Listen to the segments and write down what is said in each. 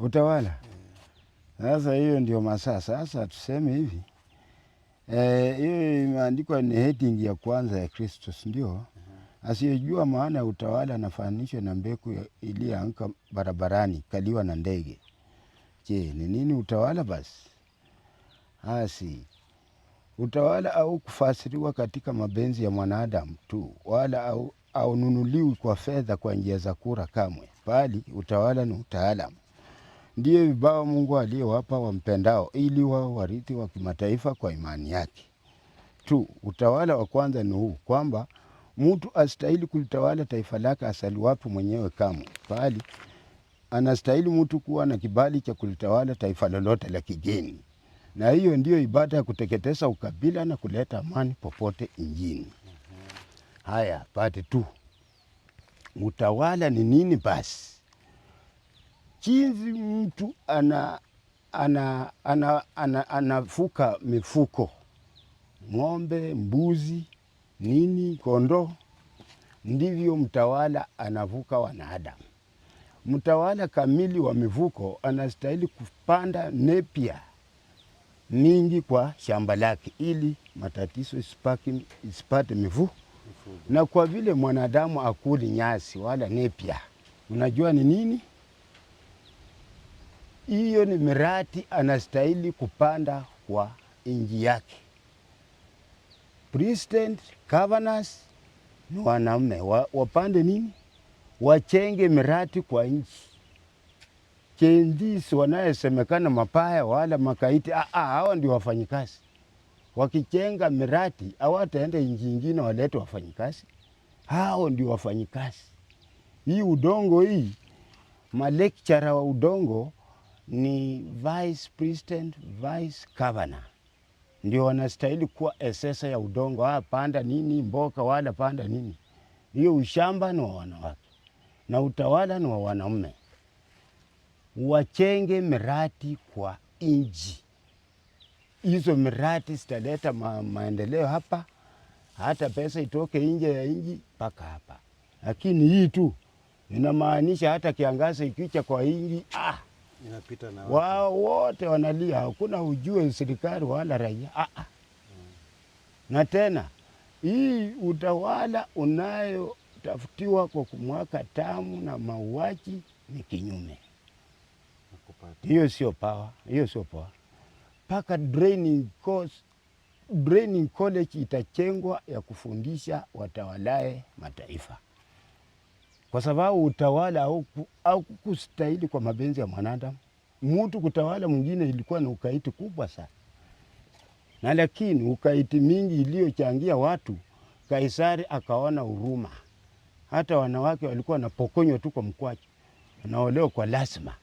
utawala. Sasa hiyo ndio masaa sasa, tuseme hivi eh, hiyo e, imeandikwa ni heading ya kwanza ya Kristo, ndio asiyejua maana ya utawala anafananishwa na mbegu iliyoanguka barabarani kaliwa na ndege. Je, ni nini utawala basi? Asi utawala au kufasiriwa katika mapenzi ya mwanadamu tu, wala aununuliwi au kwa fedha kwa njia za kura kamwe, bali utawala ni utaalamu ndiye vibao Mungu aliyowapa wampendao, ili wao warithi wa kimataifa kwa imani yake tu. Utawala wa kwanza ni huu kwamba mtu astahili kulitawala taifa lake asaliwapo mwenyewe kamwe, bali anastahili mtu kuwa na kibali cha kulitawala taifa lolote la kigeni, na hiyo ndiyo ibada ya kuteketeza ukabila na kuleta amani popote nchini. Haya, pate tu utawala ni nini basi? chinzi mtu ana anavuka ana, ana, ana, ana mifuko ng'ombe, mbuzi, nini, kondoo, ndivyo mtawala anavuka wanadamu. Mtawala kamili wa mivuko anastahili kupanda nepia mingi kwa shamba lake, ili matatizo isipate mivu. Na kwa vile mwanadamu akuli nyasi wala nepia, unajua ni nini hiyo ni mirati anastahili kupanda kwa inji yake. President, governors ni wanaume wa, wapande nini, wachenge mirati kwa nchi. Chendisi wanayesemekana mapaya wala makaiti, ah, ah, hawa ndio wafanyikazi. Wakichenga mirati hawataenda inji ingine walete wafanyikazi, hao ndio wafanyikazi. Hii udongo hii, malekchara wa udongo ni vice president, vice governor ndio wanastahili kuwa esesa ya udongo. Ah, panda nini mboka wala panda nini hiyo. Ushamba ni wa wanawake na utawala ni wa wanaume. Wachenge miradi kwa inji, hizo miradi zitaleta ma maendeleo hapa, hata pesa itoke nje ya inji mpaka hapa. Lakini hii tu inamaanisha hata kiangazi ikicha kwa inji ah inapita na wao wote wanalia, hakuna ujue serikali wala raia ah -ah. Hmm. Na tena hii utawala unayotafutiwa kwa kumwaka tamu na mauaji ni kinyume, hiyo sio pawa, hiyo sio power. Mpaka draining course draining college itachengwa ya kufundisha watawalae mataifa kwa sababu utawala au kustahili kwa mapenzi ya mwanadamu. Mtu kutawala mwingine ilikuwa ni ukaiti kubwa sana, na lakini ukaiti mingi iliyochangia watu, Kaisari akaona huruma. Hata wanawake walikuwa wanapokonywa tu kwa mkwacho, wanaolewa kwa lazima.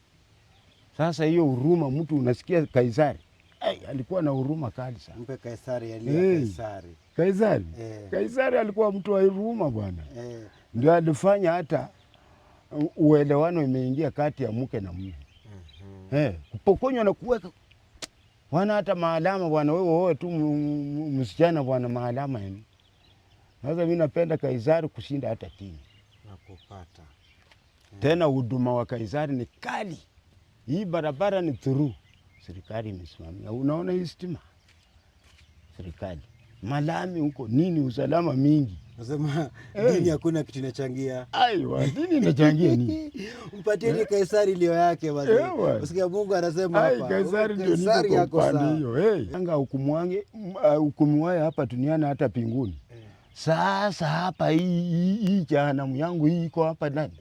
Sasa hiyo huruma, mtu unasikia Kaisari Hey, alikuwa na huruma kali sana. Mpe Kaisari Kaisari. Kaisari. Hey. Eh. Kaisari alikuwa mtu wa huruma bwana. Hey. Eh ndio alifanya hata uelewano imeingia kati ya mke na mume mm-hmm. Eh, kupokonywa na kuweka wana hata maalama bwana, wewe wewe tu msichana bwana, maalama yani. Sasa mimi napenda Kaisari kushinda hata tini na kupata hmm. Tena huduma wa Kaisari ni kali, hii barabara ni through, serikali imesimamia. Unaona hii stima, serikali malami huko nini, usalama mingi Nasema dini hakuna kitu inachangia. Aiwa, dini inachangia nini? Mpatie ile Kaisari leo yake basi. Usikia Mungu anasema hapa. Kaisari ndio niko kwa pande hiyo. Hey. Anga hukumu wange uh, hukumu wae hapa duniani hata pinguni. Sasa hapa hii hii jana yangu hii iko hapa ndani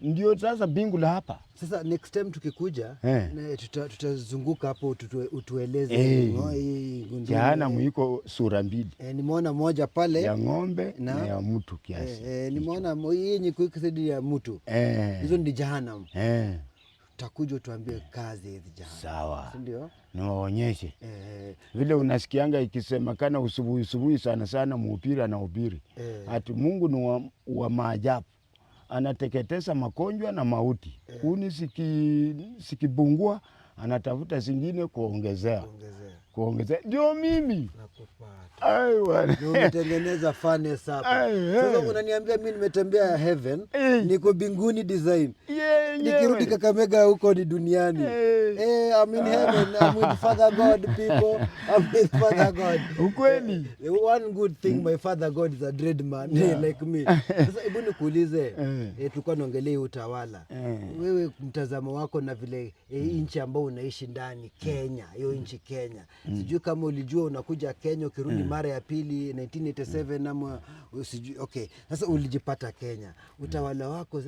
ndio sasa bingu la hapa sasa. Next time tukikuja hey, eh. tutazunguka tuta hapo tutue, utueleze hey, eh. jehanamu iko sura mbili hey, eh, nimeona moja pale ya ng'ombe na, na ya mtu kiasi hey, hey, nimeona yenye kuikisidi ya mtu hizo hey, ndi jehanamu hey. Utakuja utuambie kazi hizi jana. sawa ndio niwaonyeshe eh, vile unasikianga ikisemekana usubuhi usubuhi sana sana muhubiri anahubiri eh, ati Mungu ni wa, wa maajabu anateketesa makonjwa na mauti. Eh. Kuni sikibungua, anatafuta zingine kuongezea, kuongezea kuongeza ndio mimi umetengeneza fane sasa. Unaniambia mimi nimetembea heaven, niko binguni design, nikirudi Kakamega huko ni duniani. heaven. Father Father God God. people. Ukweli, eh, eh, one good thing my father God is a dread man like me. Sasa hebu nikuulize, eh, tulikuwa naongelea utawala, wewe mtazamo wako na vile nchi ambayo unaishi ndani Kenya, hiyo nchi Kenya mm. Sijui kama ulijua unakuja Kenya ukirudi mm. mara ya pili 1987 mm. ama uh, sijui. Okay, sasa ulijipata Kenya, mm. utawala wako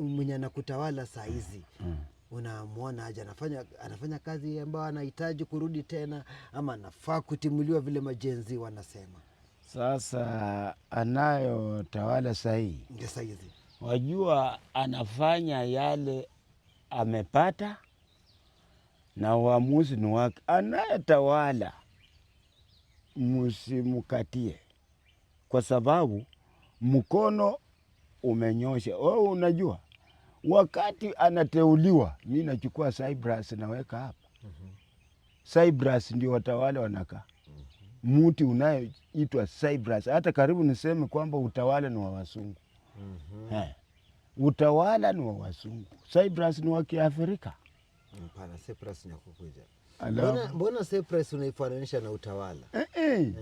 mwenye anakutawala saa mm. hizi mm unamwona aje anafanya, anafanya kazi ambayo anahitaji kurudi tena ama anafaa kutimuliwa vile majenzi wanasema? Sasa anayotawala sahihi, wajua anafanya yale amepata na uamuzi ni wake. Anayetawala msimkatie, kwa sababu mkono umenyosha. Wewe unajua wakati anateuliwa, mi nachukua Cyprus naweka hapa. mm Cyprus ndio watawala wanakaa muti mhm. unayoitwa Cyprus. Hata karibu niseme kwamba utawala ni wa wasungu. mm -hmm. Eh, utawala ni wa wasungu, Cyprus ni wa Kiafrika. Mpana, Cyprus nakukuja. Mbona, mbona Cyprus unaifananisha na utawala eh, eh. Eh.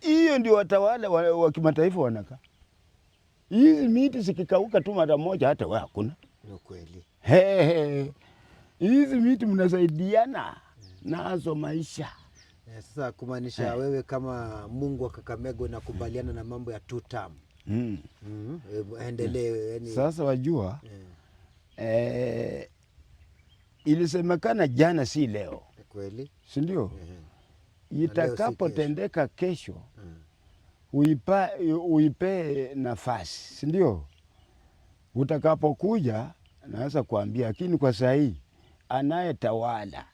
hiyo? Eh, ndio watawala wa, wa kimataifa wanaka Hizi miti zikikauka tu mara moja, hata wewe hakuna. Ni kweli. Hizi miti mnasaidiana nazo maisha. Sasa kumaanisha eh, wewe kama Mungu wa Kakamega unakubaliana na mambo ya two term. Mm. Mm. Endelee. Sasa wajua, eh. Eh, ilisemekana jana, si leo, kweli si ndio? Itakapotendeka kesho hmm. uipa, uipe nafasi, si ndio? Utakapokuja naweza kuambia, lakini kwa hii anayetawala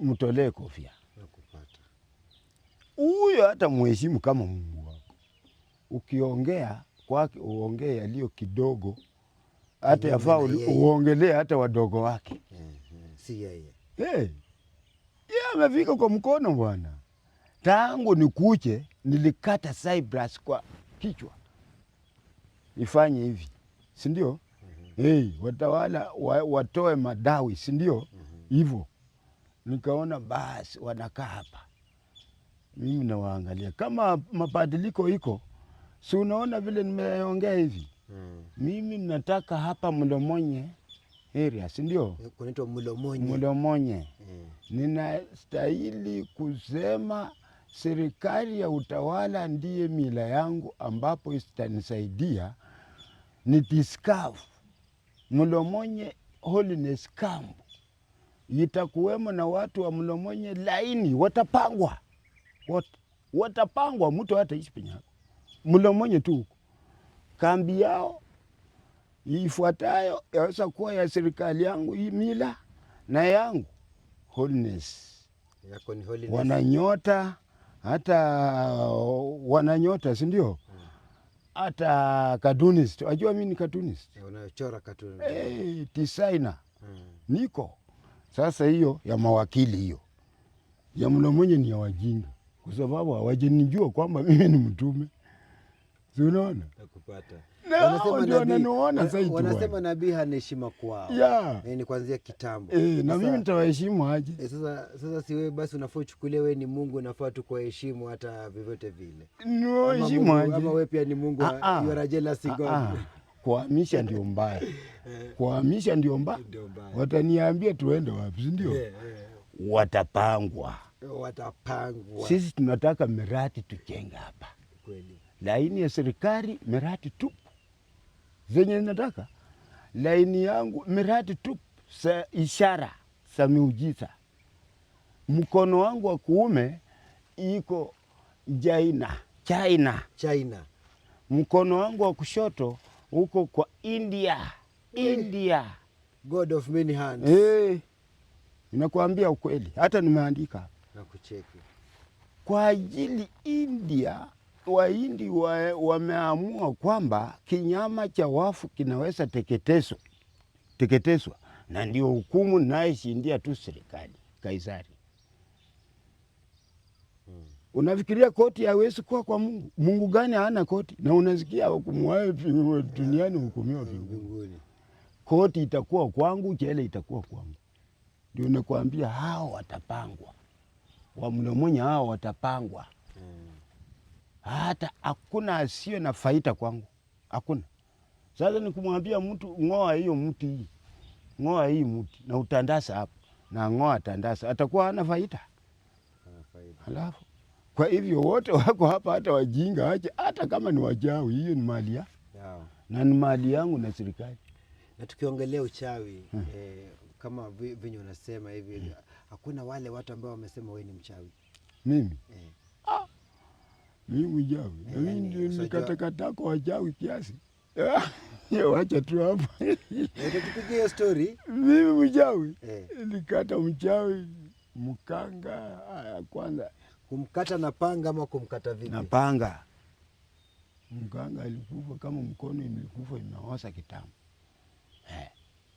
mtolee kofia huyo, hata mheshimu kama Mungu wako. Ukiongea kwake uongee yaliyo kidogo hata yafaa uongelee hata wadogo wake si yeye. Hey, eh, amefika kwa mkono bwana. Tangu nikuche nilikata Cyprus kwa kichwa ifanye hivi, si ndio? Hey, watawala wa, watoe madawi si ndio hivyo. Nikaona basi wanakaa hapa, mimi nawaangalia kama mabadiliko iko, si unaona vile nimeongea hivi mimi nataka hapa Mlomonye area, sindio Kunaitwa Mlomonye. Mlomonye hmm. Ninastahili kusema serikali ya utawala ndiye mila yangu, ambapo itanisaidia ni discover Mlomonye holiness camp itakuwemo na watu wa Mlomonye laini, watapangwa wat, watapangwa, mtu hataishi penye Mlomonye tu huko kambi yao ifuatayo yaweza kuwa ya serikali yangu hii mila na yangu holiness. Yako ni holiness. Wananyota hata wananyota, si ndio? hata cartoonist, wajua mi ni cartoonist, eh, unayochora cartoon eh, designer hmm. niko sasa, hiyo ya mawakili hiyo ya mna mwenye ni ya wajinga, kwa sababu hawajanijua kwamba mimi ni mtume. Unaona? Wanasema nabii hana heshima kwao. Yeah. E, ni kuanzia kitambo e, na mimi nitawaheshimu aje? E, sasa, sasa si wewe basi unafaa uchukulie wewe ni Mungu, unafaa tu hata vyovyote vile. Niwaheshimu aje? Ama wewe pia ni Mungu, ah, ah. you are jealous ah, God. Kuhamisha ndio mbaya, eh. kuhamisha ndio mbaya. Wataniambia tuende wapi, si ndio? yeah, yeah. Watapangwa, watapangwa. Sisi tunataka mirati tujenge hapa kweli laini ya serikali miradi tupu zenye nataka laini yangu miradi tupu za ishara za miujiza. Mkono wangu wa kuume iko jaina China, China. Mkono wangu wa kushoto uko kwa India, India. God of many hands. Eh, nakuambia ukweli, hata nimeandika na kucheki kwa ajili India Wahindi wa, wameamua kwamba kinyama cha wafu kinaweza teketezwa teketezwa, na ndio hukumu nayeshindia tu serikali Kaisari. Hmm. Unafikiria koti hawezi kuwa kwa Mungu? Mungu gani hana koti? Na unasikia hukumu wayo duniani hukumiwa mbinguni. Koti itakuwa kwangu, jela itakuwa kwangu. Ndio nakwambia hao watapangwa, wamlemonya hao watapangwa hata hakuna asiye na faida kwangu, hakuna. Sasa nikumwambia mtu ng'oa hiyo mti hii, ng'oa hii mti na utandasa hapo na ng'oa tandasa, atakuwa hana faida. alafu kwa hivyo wote wako hapa, hata wajinga aje, hata kama ni wachawi, hiyo ni mali ya na ni mali yangu na serikali. Na tukiongelea uchawi hmm. eh, kama vinyo unasema hivi hmm. hakuna wale watu ambao wamesema wewe ni mchawi mimi eh mi mjawi Mimi eh, ndio kwa wajawi kiasi wacha tu hapa eh, tupigie story. Mimi mchawi eh. Nikata mchawi mkanga. Haya, kwanza kumkata na panga ama kumkata vipi? Na panga. Mkanga alikufa kama mkono ilikufa imeosa kitambo.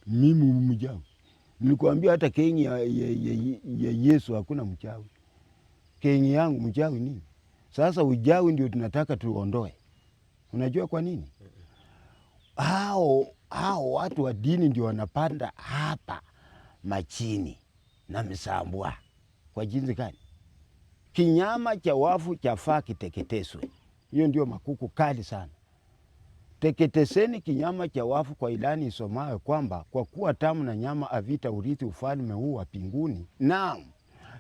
Mimi mchawi nilikwambia, hata kenyi ya Yesu hakuna mchawi. Kenyi yangu mchawi nini? Sasa ujawi ndio tunataka tuondoe. Unajua kwa nini? Hao hao watu wa dini ndio wanapanda hapa machini na msambwa. Kwa jinsi gani? Kinyama cha wafu chafaa kiteketeswe. Hiyo ndio makuku kali sana. Teketeseni kinyama cha wafu kwa ilani isomayo kwamba kwa kuwa tamu na nyama avita urithi ufalme huu wa pinguni Naam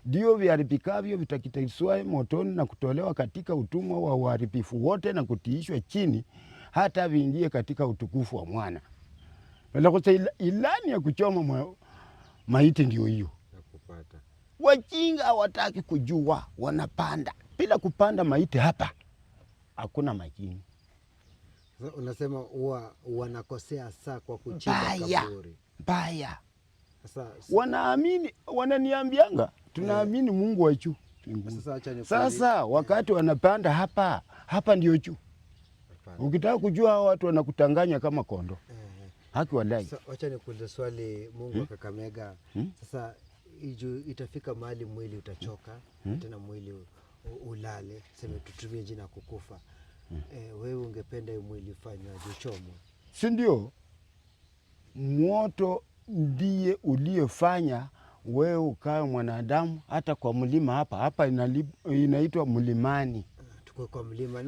ndio viharibikavyo vitakitaiswae motoni na kutolewa katika utumwa wa uharibifu wote na kutiishwa chini hata viingie katika utukufu wa mwana. Lakosa ilani ya kuchoma ma, maiti ndio hiyo. Wajinga hawataki kujua, wanapanda bila kupanda maiti. Hapa hakuna majini. Unasema huwa wanakosea saa kwa kuchimba kaburi mbaya, wanaamini wananiambianga tunaamini Mungu wa juu sasa, wakati wanapanda hapa hapa ndio juu. Ukitaka kujua hao watu wanakutanganya kama kondo eh, eh. haki walai. Wacha nikuulize swali Mungu hmm? wa Kakamega, hmm? sasa iju itafika mahali mwili utachoka hmm? tena mwili ulale, sema tutumie jina kukufa. E, wewe ungependa mwili ufanywa uchomwe, si ndio? Moto ndiye uliyefanya wewe ukawe mwanadamu hata kwa mlima hapa hapa inaitwa mlimani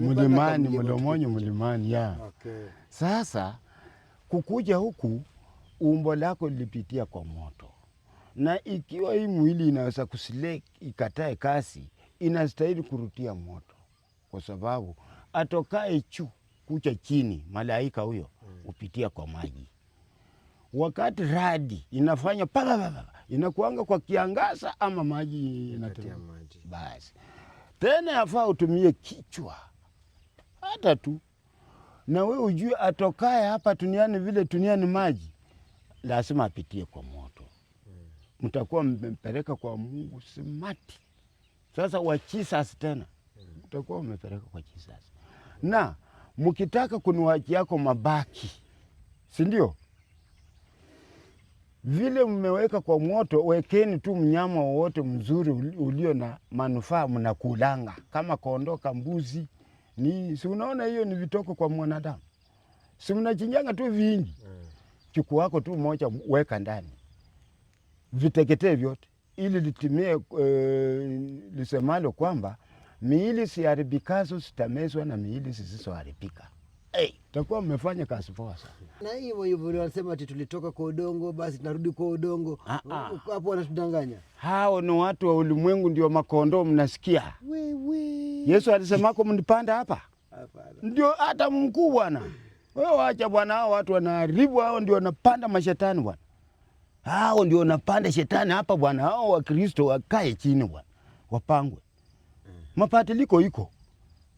mlimani mdomonyo mlimani ya okay. Sasa kukuja huku umbo lako lilipitia kwa moto, na ikiwa hii mwili inaweza kusile ikatae kasi, inastahili kurutia moto, kwa sababu atokae chu kucha chini, malaika huyo hmm. hupitia kwa maji wakati radi inafanya paa inakuanga kwa kiangaza ama maji inatia maji, basi tena yafaa utumie kichwa hata tu na we ujue atokae hapa tuniani, vile tuniani maji lazima apitie kwa moto. Hmm. Mtakuwa hmm. kwa Mungu simati. Sasa wa Jesus tena hmm. mtakuwa mmepeleka kwa Jesus, na mkitaka kunuwaji yako mabaki, si ndio? vile mmeweka kwa moto, wekeni tu mnyama wowote mzuri ulio na manufaa, mnakulanga kama kondoka, mbuzi, nini. Si unaona hiyo ni vitoko kwa mwanadamu, si mnachinjanga tu vingi mm. Eh. Chuku wako tu moja weka ndani, viteketee vyote, ili litimie e, lisemalo kwamba miili siharibikazo sitamezwa na miili zisizoharibika hey. Takuwa mmefanya kazi poa sana. Na hivyo hivyo wanasema ati tulitoka kwa udongo, basi tunarudi kwa udongo. Ah, ah. Hapo wanatudanganya hao, ni watu wa ulimwengu, ndio makondoo mnasikia. Yesu alisemako mnipanda hapa ndio hata mkuu bwana. Wewe wacha bwana, hao watu wanaharibu, hao ndio wanapanda mashetani bwana, hao ndio wanapanda shetani hapa bwana. Hao Wakristo wakae chini bwana, wapangwe eh. mapatiliko iko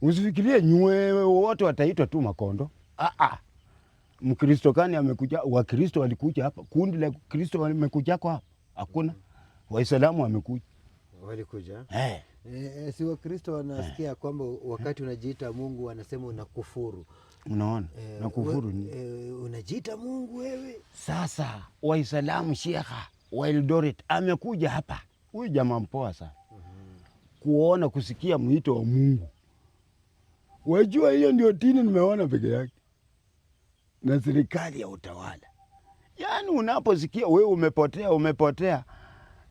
Usifikirie nywe wote wataitwa tu makondo. Ah ah. Mkristo kani amekuja, Wakristo walikuja hapa, kundi la Kristo wamekuja kwa hapa. Hakuna. Waislamu wamekuja. Walikuja. Eh. E, si Wakristo wanasikia eh. kwamba wakati unajiita Mungu wanasema unakufuru. Unaona? E, nakufuru ni. E, unajiita Mungu wewe. Sasa Waislamu Shekha wa Eldoret amekuja hapa. Huyu jamaa mpoa sana. Mm -hmm. Kuona kusikia mwito wa Mungu. Wajua hiyo ndio tini nimeona peke yake na serikali ya utawala. Yaani unaposikia wewe umepotea umepotea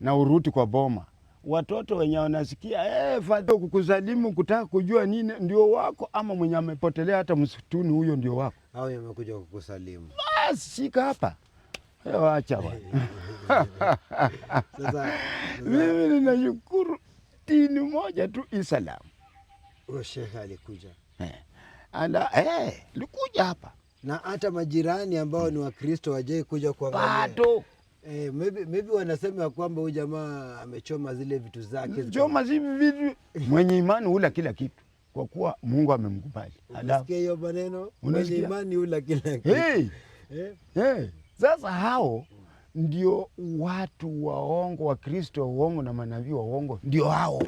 na uruti kwa boma, watoto wenye wanasikia eh, fadha kukusalimu kutaka kujua nini ndio wako, ama mwenye amepotelea hata msituni huyo ndio wako, hao wamekuja kukusalimu. Basi shika hapa, eh, wacha bwana. Mimi ninashukuru tini moja tu, Isalamu. Huyo shehe alikuja eh. Eh, alikuja hapa na hata majirani ambao ni Wakristo wajai kuja kuangalia bado. Eh, maybe, maybe wanasema ya kwamba huyu jamaa amechoma zile vitu zake, choma zile vitu mwenye imani hula kila kitu kwa kuwa Mungu amemkubali. Unasikia hiyo maneno, mwenye imani hula kila kitu. Hey, eh? Hey, sasa hao ndio watu waongo, Wakristo waongo na manabii waongo, ndio hao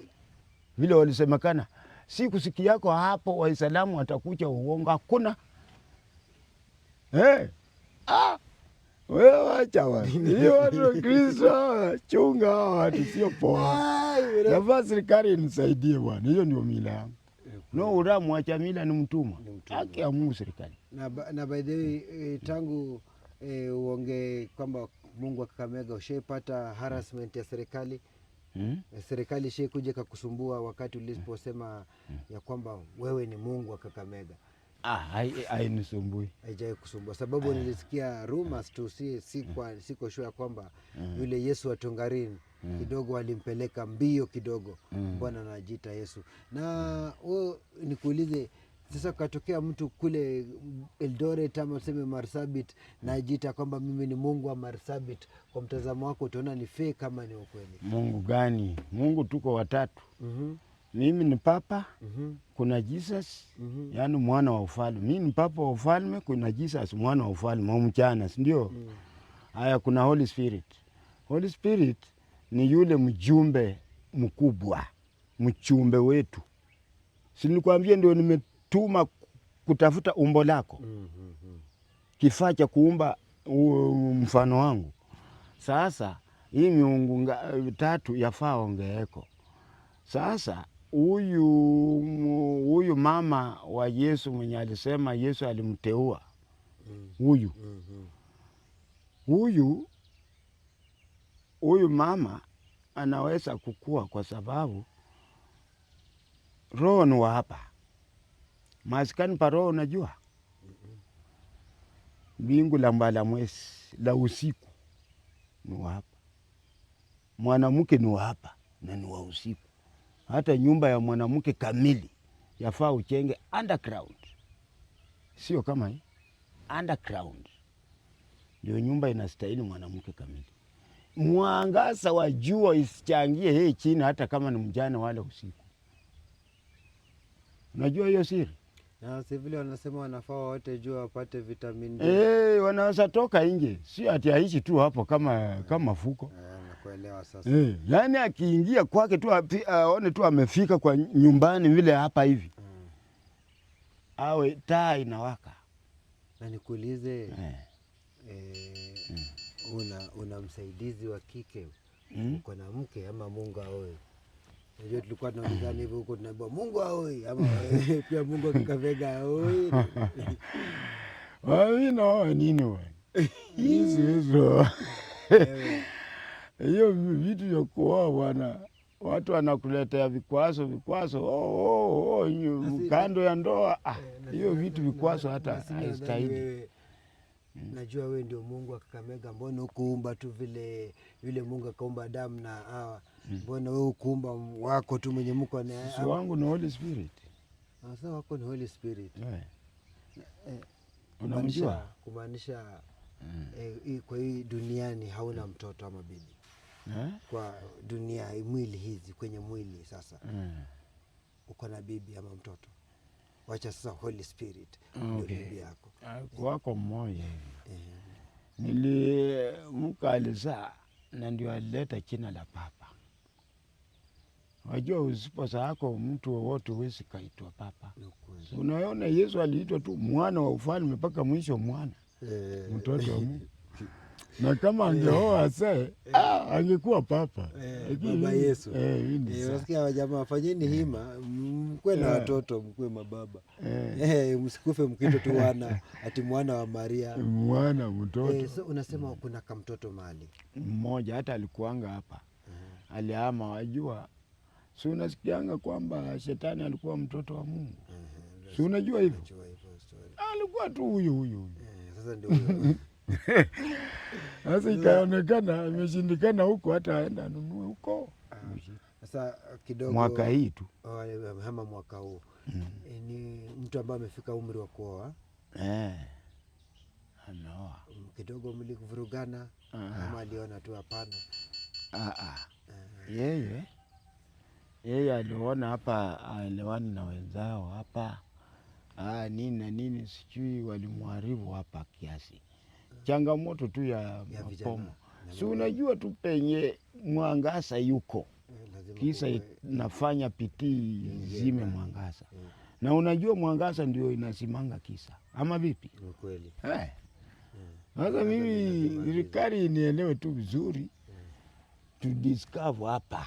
vile walisemekana si kusikiako hapo Waislamu watakuja uongo hakuna hey. ah. Wacha watu wa Kristo chunga watu sio poa. Nafaa serikali nisaidie bwana, hiyo ndio mila yangu. Eh, no, mwacha mila ni mtumwa, haki ya Mungu serikali. Na, na by the way eh, tangu e, uonge kwamba Mungu akakamega ushepata ushaipata harassment ya serikali? Hmm? Eh, serikali kuja kakusumbua wakati uliposema hmm, ya kwamba wewe ni Mungu wa Kakamega? Ah, haijawai kusumbua sababu ah, nilisikia rumors tu, si siko hmm. shua ya kwamba hmm, yule Yesu wa Tongarini hmm, kidogo alimpeleka mbio kidogo, hmm. Bwana hmm, anajiita Yesu na wewe oh, hmm, nikuulize sasa katokea mtu kule Eldoret ama useme Marsabit najita kwamba mimi ni Mungu wa Marsabit, kwa mtazamo wako utaona ni fake kama ni ukweli? Mungu gani? Mungu tuko watatu. mm -hmm. mimi ni papa. mm -hmm. kuna Jesus. mm -hmm. yaani mwana wa ufalme. Mimi ni papa wa ufalme, kuna Jesus mwana wa ufalme au mchana, si ndio? mm Haya, kuna Holy Spirit. Holy Spirit ni yule mjumbe mkubwa, mchumbe wetu, si ndio nime tuma kutafuta umbo lako mm -hmm. kifaa cha kuumba mfano wangu. Sasa hii miungu tatu yafaa ongeeko. Sasa huyu huyu mama wa Yesu mwenye alisema Yesu alimteua huyu huyu huyu mama anaweza kukua kwa sababu roho ni wa hapa maskani paroo, unajua mm-hmm. mbingu la mbala mwesi la usiku ni wapa, mwanamke ni wapa na ni wa usiku. Hata nyumba ya mwanamke kamili yafaa uchenge underground, sio kama hii underground ndio nyumba inastahili mwanamke kamili. Mwangaza wa jua isichangie hei chini, hata kama ni mjana wala usiku. Unajua hiyo siri na si wanasema wanafaa wote jua wapate vitamin D. Eh, wanaweza toka nje, si ati aishi tu hapo kama yeah. kama fuko yeah, nakuelewa sasa. Eh, yani akiingia kwake tu aone tu amefika kwa nyumbani vile hapa hivi mm. awe taa inawaka na nikuulize eh. Eh, mm. una, una msaidizi wa kike mm? uko na mke ama munga wewe? Ndio tulikuwa tunaulizana hivyo huko, tunaambiwa Mungu aoi ama pia Mungu akikavega aoi wawinaoa nini we isiwezo hiyo vitu vya kuoa bwana, watu wanakuletea vikwaso vikwaso, oh, oh, oh, kando ya ndoa eh, ah, hiyo vitu vikwaso hata haistahili. Hmm. Najua wewe ndio Mungu akakamega, mbona ukuumba tu vile vile Mungu akaumba Adamu na Hawa Mm. Mbona wewe ukumba wako tu mwenye mko na si wangu ni Holy Spirit. Ah, sasa wako ni Holy Spirit. Eh. eh, eh unamjua kumaanisha mm. eh, kwa hii duniani hauna mm. mtoto ama bibi Kwa dunia mwili hizi kwenye mwili sasa uko na bibi ama mtoto, wacha sasa Holy Spirit ndio bibi yako ah, wako mmoja eh. Nilimka alizaa na ndio alileta jina la Papa Wajua, usiposahako mtu wowote huwezi kaitwa papa. Unaona, Yesu aliitwa tu mwana wa ufalme mpaka mwisho, mwana e, mtoto wa Mungu e, na kama angeoa e, eh. se e, eh. ah, angekuwa papa e, baba Yesu e, e, wasikia wajamaa, fanyeni hima mkwe na watoto mkwe mababa e, msikufe mkito tu wana ati mwana wa Maria mwana mtoto e, so unasema kuna kamtoto mali mmoja hata alikuanga hapa e, aliama wajua si unasikianga kwamba shetani alikuwa mtoto wa Mungu? Mhm, si unajua hivyo, alikuwa tu huyu huyu huyu. Eh, sasa ikaonekana imeshindikana huko, hata aenda anunue huko. Ah, sasa kidogo mwaka hii tu oh, eh, ama mwaka huu mm. eh, ni mtu ambaye amefika umri wa kuoa eh, anaoa mm, kidogo. mlivurugana ah. ama aliona tu? Hapana, ah, yeye yeye aliona hapa aelewani na wenzao hapa aa, nini na nini sijui, walimwharibu hapa kiasi. Changamoto tu ya mapomo, si unajua tu penye Mwangasa yuko eh, kisa inafanya pitii zime Mwangasa eh. na unajua Mwangasa ndio inasimanga kisa ama vipi? Eh. Sasa mimi serikali nielewe tu vizuri, tudiscover hapa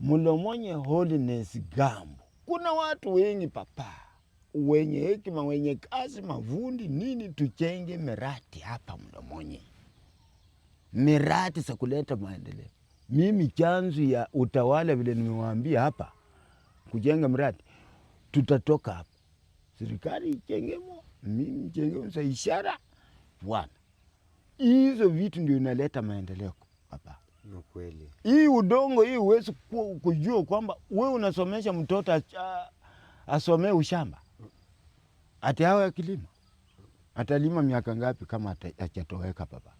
mulomonye holiness gambo. Kuna watu wengi papa wenye hekima wenye kazi mavundi nini, tuchenge mirati hapa mlomonye, mirati za kuleta maendeleo. Mimi chanzo ya utawala vile nimewaambia hapa, kujenga mirati, tutatoka hapa. Serikali ichengemo, mimi chengemo sa ishara bwana, hizo vitu ndio inaleta maendeleo. Hii udongo hii huwezi kujua kwamba wewe unasomesha mtoto asomee ushamba ati awe akilima, atalima miaka ngapi kama achatoweka baba?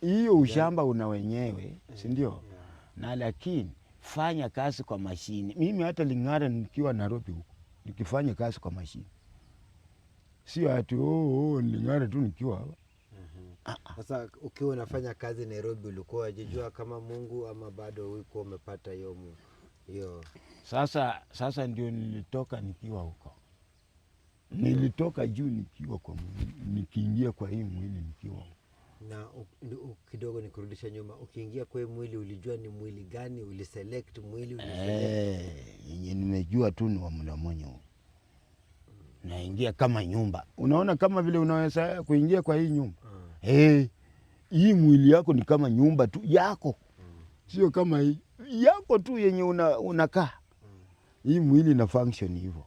hiyo, ushamba una wenyewe, si ndio? Na lakini fanya kazi kwa mashini. Mimi hata Ling'ara nikiwa Nairobi huko nikifanya kazi kwa mashini, sio ati oh, oh, Ling'ara tu nikiwa Ah, ah. Sasa ukiwa unafanya kazi Nairobi, ulikuwa unajijua kama Mungu ama bado ulikuwa umepata hiyo hiyo? Sasa, sasa ndio nilitoka nikiwa huko, nilitoka juu nikiwa kwa nikiingia kwa hii mwili nikiwa huko na kidogo nikurudisha nyuma, ukiingia kwa mwili ulijua ni mwili gani? Uliselect mwili eh, yenye? Nimejua tu ni wa muda mwenye naingia kama nyumba. Unaona kama vile unaweza kuingia kwa hii nyumba hey, hii mwili yako ni kama nyumba tu yako, sio kama hii yako tu yenye unakaa una hii mwili ina function hivyo.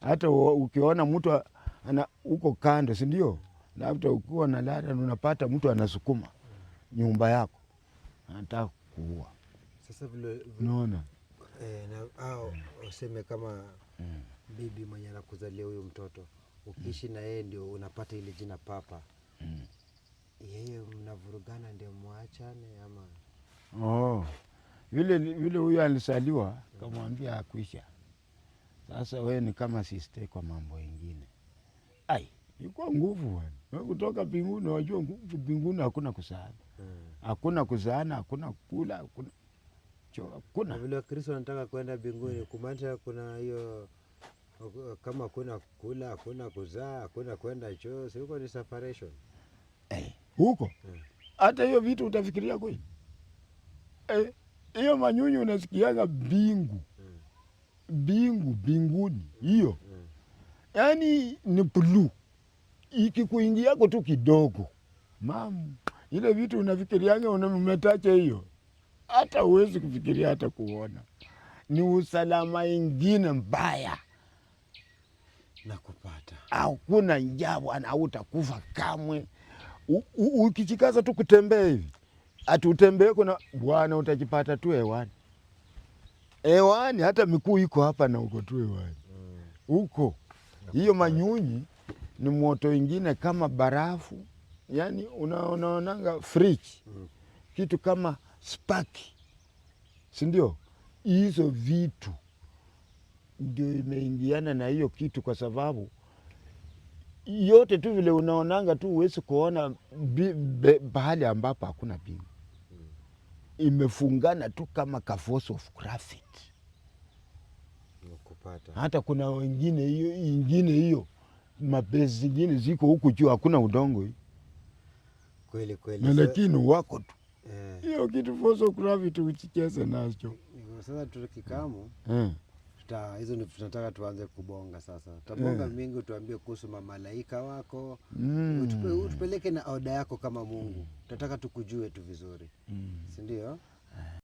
Hata ukiona mtu ana huko kando, si ndio? labda ukiwa na lada unapata mtu anasukuma nyumba yako, anataka kuua. Sasa vile unaona eh, na au useme kama mm. bibi mwenye anakuzalia huyo mtoto ukiishi mm. na yeye ndio unapata ile jina papa mm yeye mnavurugana ndio mwachane ama? Oh, yule yule huyo alisaliwa kamwambia akwisha. Sasa wewe ni kama siste kwa mambo ingine. Ai, ilikuwa nguvu wewe kutoka binguni wajua nguvu mbinguni, hakuna kusaana, ah. hakuna kuzaana, hakuna kula, hakuna kuna vile Kristo anataka kwenda mbinguni, kumaanisha kuna hiyo kama kuna kula, kuna kuzaa, kuna kwenda choo, si huko ni separation. Hey. Eh, huko mm. hata hiyo vitu utafikiria kweli eh, hiyo? E, manyunyi unasikiaga bingu mm. bingu binguni hiyo, mm. yaani ni plu ikikuingiako tu kidogo, mam, ile vitu unafikiriaga umetacha hiyo, hata uwezi kufikiria hata kuona. Ni usalama ingine mbaya na kupata, hakuna njaa bwana, takuva kamwe ukichikaza tu kutembea hivi ati utembee kuna bwana, utajipata tu hewani hewani, hata mikuu iko hapa na uko tu hewani huko. Mm. Hiyo manyunyi ni moto wingine kama barafu, yani unaonanga friji mm. kitu kama spaki, si ndio? Hizo vitu ndio imeingiana na hiyo kitu, kwa sababu yote tu vile unaonanga tu, uwezi kuona pahali ambapo hakuna bima, hmm. imefungana tu kama ka force of gravity. Hata kuna wengine hiyo ingine hiyo mapesi zingine ziko huku juu, hakuna udongo hii kweli kweli, na lakini wako tu eh. hiyo yeah. Kitu force of gravity uchicheze nacho sasa tulikikamu yeah taa hizo ndio tunataka tuanze kubonga sasa. Tutabonga mm. Eh. mingi, utuambie kuhusu mamalaika wako mm. Utupe, utupeleke na oda yako kama Mungu, tunataka tukujue tu vizuri mm. si ndio?